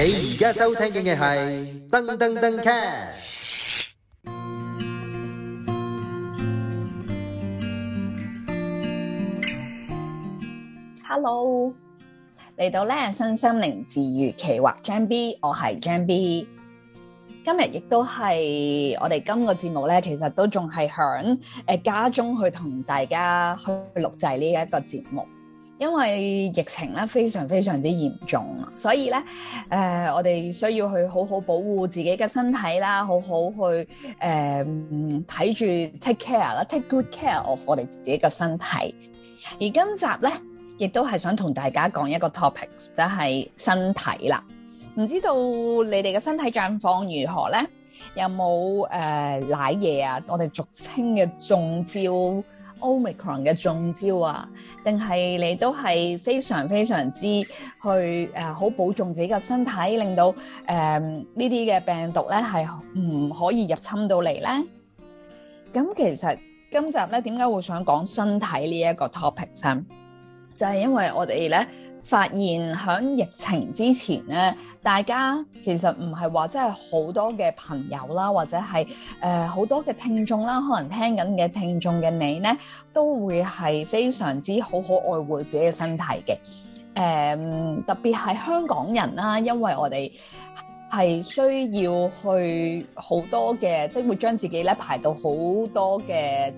你而家收聽緊嘅係噔噔噔 cast。Hello，嚟到咧身心靈治愈企劃 Jam B，我係 Jam B。今日亦都係我哋今個節目咧，其實都仲係響誒家中去同大家去錄製呢一個節目。因為疫情咧非常非常之嚴重，所以咧誒、呃，我哋需要去好好保護自己嘅身體啦，好好去誒睇住 take care 啦，take good care of 我哋自己嘅身體。而今集咧亦都係想同大家講一個 topic，就係身體啦。唔知道你哋嘅身體狀況如何咧？有冇誒、呃、瀨嘢啊？我哋俗稱嘅中招。Omicron 嘅中招啊，定係你都係非常非常之去誒，好保重自己嘅身體，令到誒呢啲嘅病毒咧係唔可以入侵到嚟咧。咁其實今集咧點解會想講身體呢一個 topic 先，就係因為我哋咧。發現喺疫情之前咧，大家其實唔係話真係好多嘅朋友啦，或者係誒好多嘅聽眾啦，可能聽緊嘅聽眾嘅你呢，都會係非常之好好愛護自己嘅身體嘅誒、呃，特別係香港人啦，因為我哋。係需要去好多嘅，即係會將自己咧排到好多嘅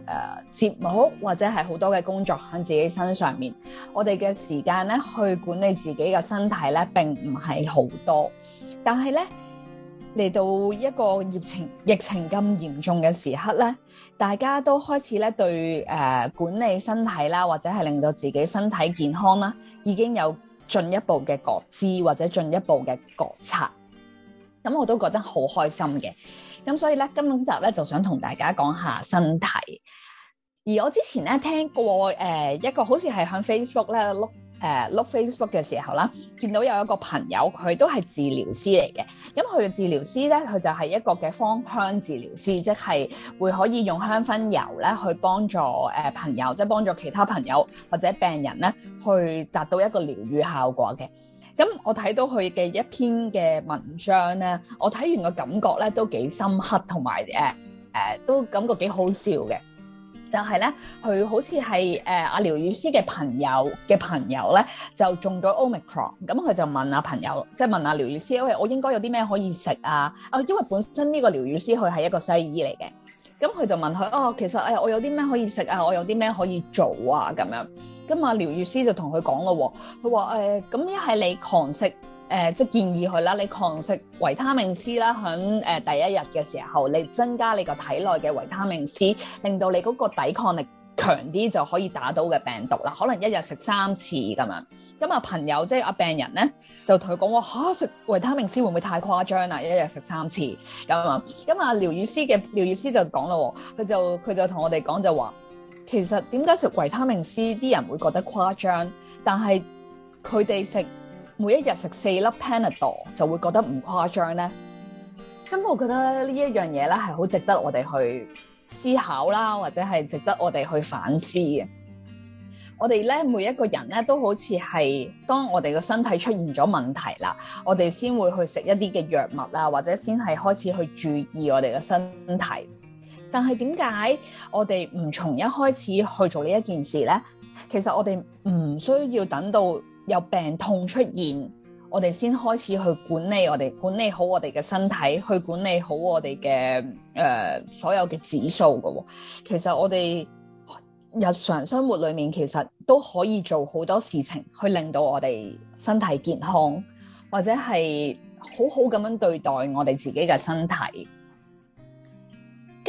誒節目，或者係好多嘅工作喺自己身上面。我哋嘅時間咧，去管理自己嘅身體咧，並唔係好多。但係咧嚟到一個疫情疫情咁嚴重嘅時刻咧，大家都開始咧對誒管理身體啦，或者係令到自己身體健康啦，已經有進一步嘅覺知或者進一步嘅覺察。咁我都覺得好開心嘅，咁所以咧，今集咧就想同大家講下身體。而我之前咧聽過誒、呃、一個好似係喺 Facebook 咧碌、呃、碌 Facebook 嘅時候啦，見到有一個朋友佢都係治療師嚟嘅。咁佢嘅治療師咧，佢就係一個嘅芳香治療師，即係會可以用香薰油咧去幫助誒朋友，即係幫助其他朋友或者病人咧去達到一個療愈效果嘅。咁、嗯、我睇到佢嘅一篇嘅文章咧，我睇完嘅感覺咧都幾深刻，同埋誒誒都感覺幾好笑嘅。就係、是、咧，佢好似係誒阿廖宇師嘅朋友嘅朋友咧，就中咗 Omicron，咁、嗯、佢就問下、啊、朋友，即、就、係、是、問下廖宇師，喂、哎，我應該有啲咩可以食啊？啊、哦，因為本身呢個廖宇師佢係一個西醫嚟嘅。咁佢、嗯、就問佢，哦，其實誒、哎，我有啲咩可以食啊？我有啲咩可以做啊？咁樣，咁啊療癒師就同佢講咯，佢話誒，咁一係你狂食誒、呃，即係建議佢啦，你狂食維他命 C 啦，響誒、呃、第一日嘅時候，你增加你個體內嘅維他命 C，令到你嗰個抵抗力，強啲就可以打到嘅病毒啦，可能一日食三次咁樣。咁、嗯、啊朋友，即係阿病人咧，就同佢講話，吓，食維他命 C 會唔會太誇張啊？一日食三次咁樣。咁啊，廖愈師嘅廖愈師就講咯，佢就佢就同我哋講就話，其實點解食維他命 C 啲人會覺得誇張，但係佢哋食每一日食四粒 Panadol 就會覺得唔誇張咧。咁、嗯、我覺得呢一樣嘢咧，係好值得我哋去。思考啦，或者係值得我哋去反思嘅。我哋咧，每一個人咧，都好似係當我哋嘅身體出現咗問題啦，我哋先會去食一啲嘅藥物啊，或者先係開始去注意我哋嘅身體。但係點解我哋唔從一開始去做呢一件事咧？其實我哋唔需要等到有病痛出現。我哋先開始去管理我哋，管理好我哋嘅身體，去管理好我哋嘅誒所有嘅指數㗎喎。其實我哋日常生活裏面其實都可以做好多事情，去令到我哋身體健康，或者係好好咁樣對待我哋自己嘅身體。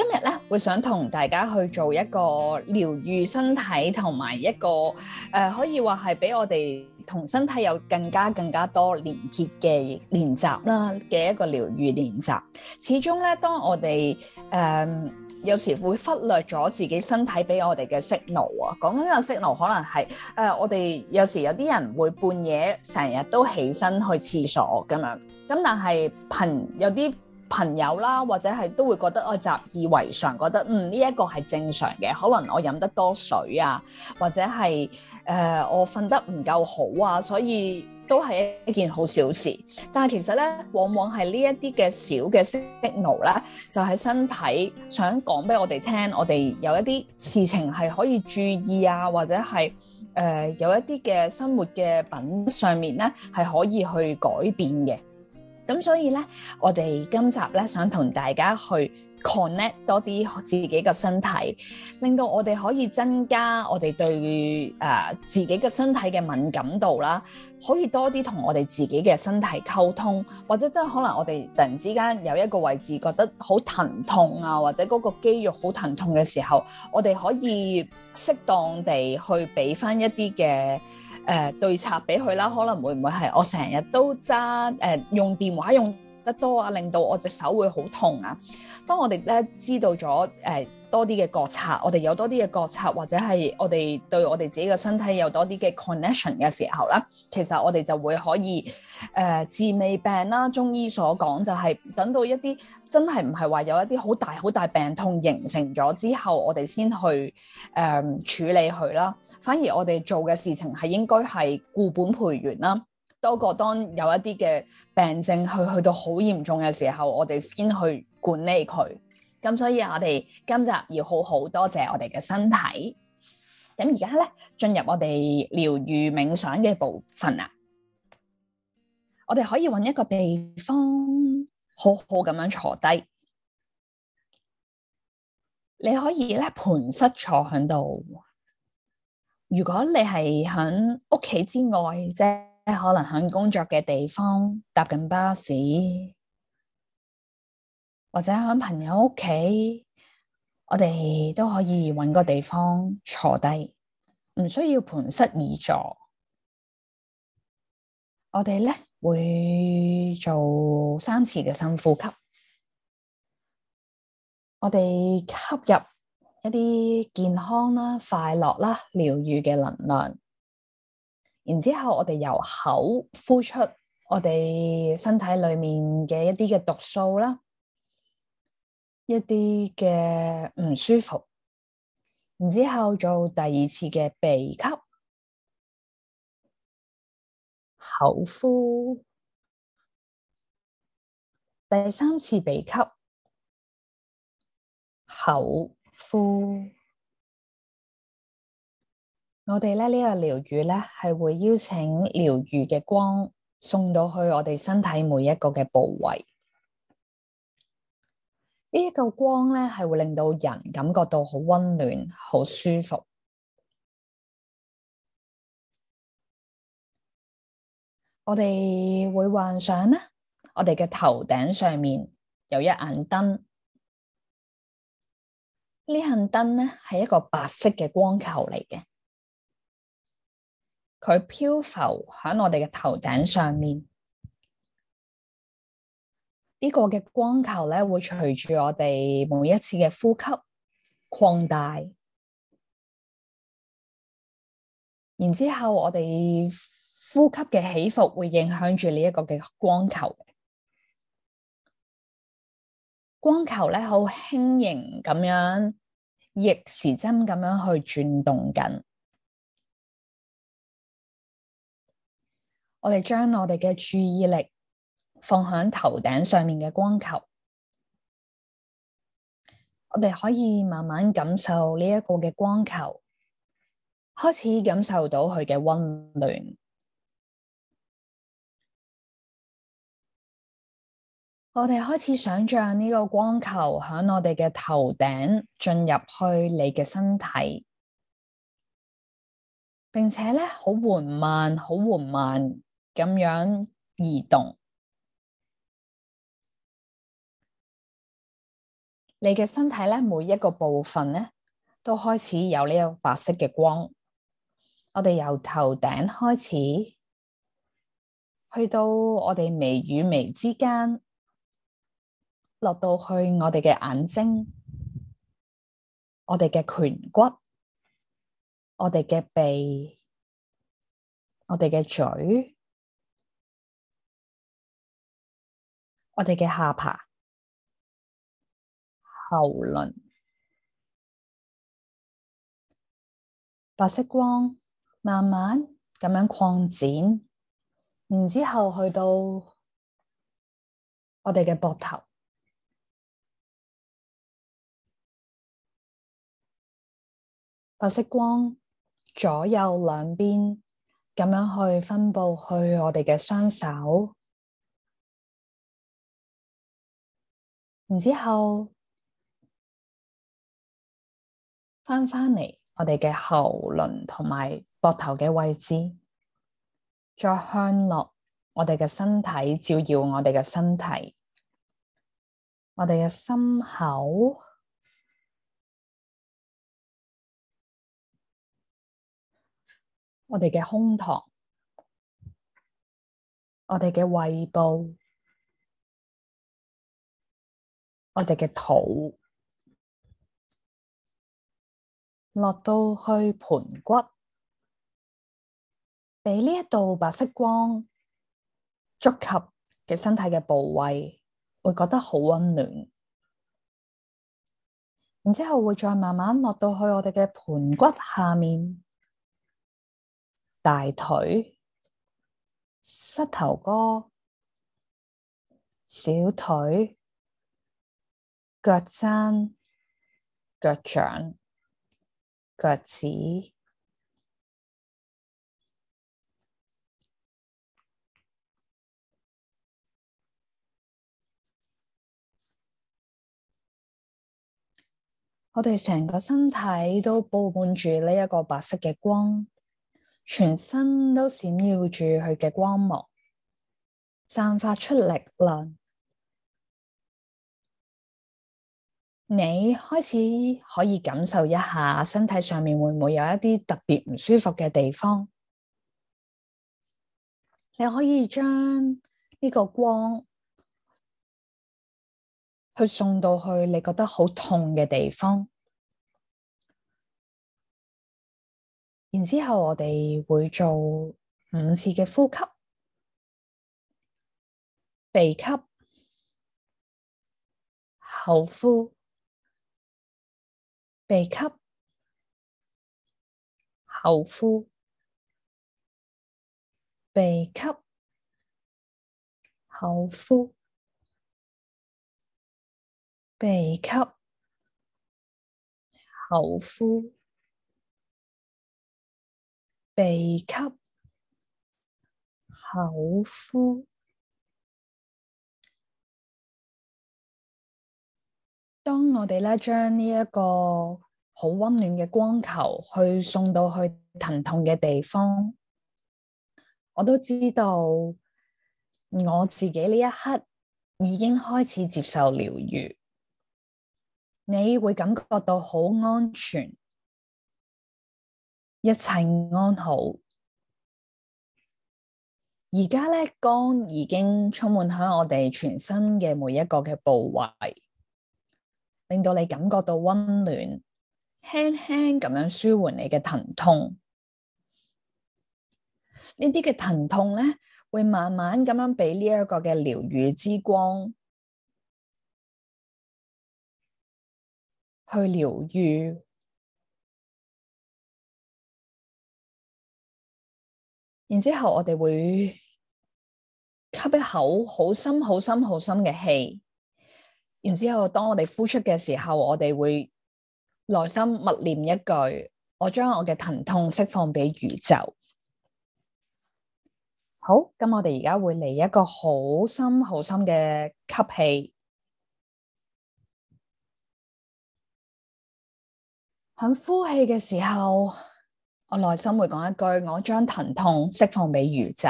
今日咧，會想同大家去做一個療愈身體，同埋一個誒，可以話係俾我哋同身體有更加更加多連結嘅練習啦嘅一個療愈練習。始終咧，當我哋誒有時會忽略咗自己身體俾我哋嘅 signal 啊，講緊有 signal，可能係誒我哋有時有啲人會半夜成日都起身去廁所咁樣，咁但係頻有啲朋友啦，或者係都會覺得我習以為常，覺得嗯，呢一個、這個係正常嘅，可能我飲得多水啊，或者係誒、呃、我瞓得唔夠好啊，所以都係一件好小事。但係其實咧，往往係呢一啲嘅小嘅 signal 咧，就係、是、身體想講俾我哋聽，我哋有一啲事情係可以注意啊，或者係誒、呃、有一啲嘅生活嘅品上面咧係可以去改變嘅。咁所以咧，我哋今集咧想同大家去 connect 多啲自己嘅身體，令到我哋可以增加我哋對誒、呃、自己嘅身體嘅敏感度啦，可以多啲同我哋自己嘅身體溝通，或者即係可能我哋突然之間有一個位置覺得好疼痛啊，或者嗰個肌肉好疼痛嘅時候，我哋可以適當地去俾翻一啲嘅。誒、呃、對策俾佢啦，可能會唔會係我成日都揸誒、呃、用電話用得多啊，令到我隻手會好痛啊。當我哋咧知道咗誒、呃、多啲嘅覺察，我哋有多啲嘅覺察，或者係我哋對我哋自己嘅身體有多啲嘅 connection 嘅時候啦，其實我哋就會可以誒、呃、治未病啦。中醫所講就係等到一啲真係唔係話有一啲好大好大病痛形成咗之後，我哋先去誒、呃、處理佢啦。反而我哋做嘅事情係應該係固本培元啦，多過當有一啲嘅病症去去到好嚴重嘅時候，我哋先去管理佢。咁所以，我哋今集要好好多謝我哋嘅身體。咁而家咧，進入我哋療愈冥想嘅部分啦。我哋可以揾一個地方，好好咁樣坐低。你可以咧盤膝坐喺度。如果你係喺屋企之外，啫，可能喺工作嘅地方，搭緊巴士。或者喺朋友屋企，我哋都可以揾個地方坐低，唔需要盤膝而坐。我哋呢會做三次嘅深呼吸，我哋吸入一啲健康啦、快樂啦、療癒嘅能量，然之後我哋由口呼出我哋身體裏面嘅一啲嘅毒素啦。一啲嘅唔舒服，然之後做第二次嘅鼻吸口呼，第三次鼻吸口呼。我哋咧呢、這個療愈咧係會邀請療愈嘅光送到去我哋身體每一個嘅部位。個呢一嚿光咧，係會令到人感覺到好溫暖、好舒服。我哋會幻想咧，我哋嘅頭頂上面有一眼燈。燈呢眼燈咧，係一個白色嘅光球嚟嘅，佢漂浮喺我哋嘅頭頂上面。呢個嘅光球咧，會隨住我哋每一次嘅呼吸擴大，然之後我哋呼吸嘅起伏會影響住呢一個嘅光球。光球咧，好輕盈咁樣，逆時針咁樣去轉動緊。我哋將我哋嘅注意力。放響頭頂上面嘅光球，我哋可以慢慢感受呢一個嘅光球，開始感受到佢嘅溫暖。我哋開始想象呢個光球響我哋嘅頭頂進入去你嘅身體，並且呢好緩慢、好緩慢咁樣移動。你嘅身體咧，每一個部分咧，都開始有呢個白色嘅光。我哋由頭頂開始，去到我哋眉與眉之間，落到去我哋嘅眼睛，我哋嘅顴骨，我哋嘅鼻，我哋嘅嘴，我哋嘅下巴。喉輪白色光慢慢咁樣擴展，然之後去到我哋嘅膊頭，白色光左右兩邊咁樣去分布去我哋嘅雙手，然之後。翻返嚟我哋嘅喉輪同埋膊頭嘅位置，再向落我哋嘅身體，照耀我哋嘅身體，我哋嘅心口，我哋嘅胸膛，我哋嘅胃部，我哋嘅肚。落到去盆骨，畀呢一道白色光觸及嘅身體嘅部位，會覺得好溫暖。然之後會再慢慢落到去我哋嘅盆骨下面、大腿、膝頭哥、小腿、腳踭、腳掌。腳趾，我哋成個身體都佈滿住呢一個白色嘅光，全身都閃耀住佢嘅光芒，散發出力量。你開始可以感受一下身體上面會唔會有一啲特別唔舒服嘅地方？你可以將呢個光去送到去你覺得好痛嘅地方，然之後我哋會做五次嘅呼吸，鼻吸、口呼。鼻吸，口呼。鼻吸，口呼。鼻吸，口呼。鼻吸，口呼。當我哋咧將呢一個好溫暖嘅光球去送到去疼痛嘅地方，我都知道我自己呢一刻已經開始接受療癒。你會感覺到好安全，一切安好。而家咧，光已經充滿喺我哋全身嘅每一個嘅部位。令到你感覺到溫暖，輕輕咁樣舒緩你嘅疼痛。呢啲嘅疼痛咧，會慢慢咁樣俾呢一個嘅療愈之光去療愈。然之後，我哋會吸一口好深、好深、好深嘅氣。然之後，當我哋呼出嘅時候，我哋會內心默念一句：我將我嘅疼痛釋放俾宇宙。好，咁我哋而家會嚟一個好深、好深嘅吸氣。響呼氣嘅時候，我內心會講一句：我將疼痛釋放俾宇宙。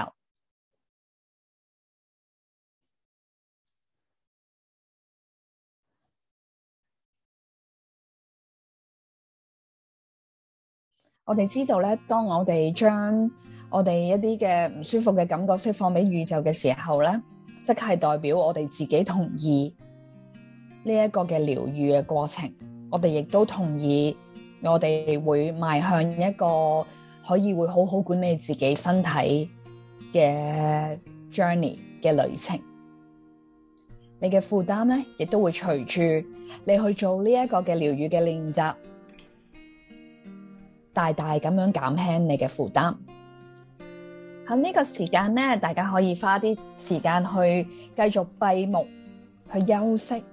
我哋知道咧，當我哋將我哋一啲嘅唔舒服嘅感覺釋放俾宇宙嘅時候咧，即係代表我哋自己同意呢一個嘅療愈嘅過程。我哋亦都同意，我哋會邁向一個可以會好好管理自己身體嘅 journey 嘅旅程。你嘅負擔咧，亦都會隨住你去做呢一個嘅療愈嘅練習。大大咁樣減輕你嘅負擔。喺呢個時間咧，大家可以花啲時間去繼續閉目去休息，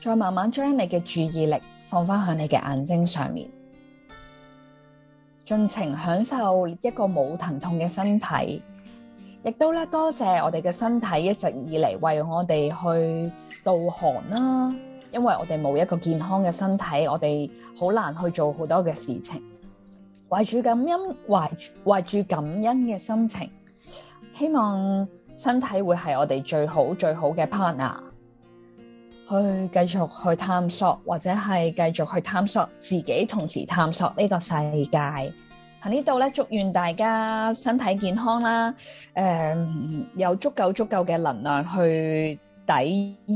再慢慢將你嘅注意力放翻喺你嘅眼睛上面，盡情享受一個冇疼痛嘅身體，亦都咧多謝我哋嘅身體一直以嚟為我哋去導航啦。因為我哋冇一個健康嘅身體，我哋好難去做好多嘅事情。懷住感恩，懷懷住感恩嘅心情，希望身體會係我哋最好最好嘅 partner，去繼續去探索，或者係繼續去探索自己，同時探索呢個世界。喺呢度咧，祝願大家身體健康啦，誒、呃，有足夠足夠嘅能量去抵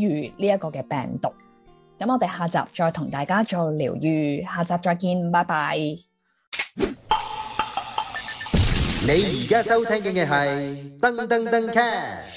禦呢一個嘅病毒。咁我哋下集再同大家做療癒，下集再見，拜拜。你而家收聽嘅係《噔噔噔 cash》。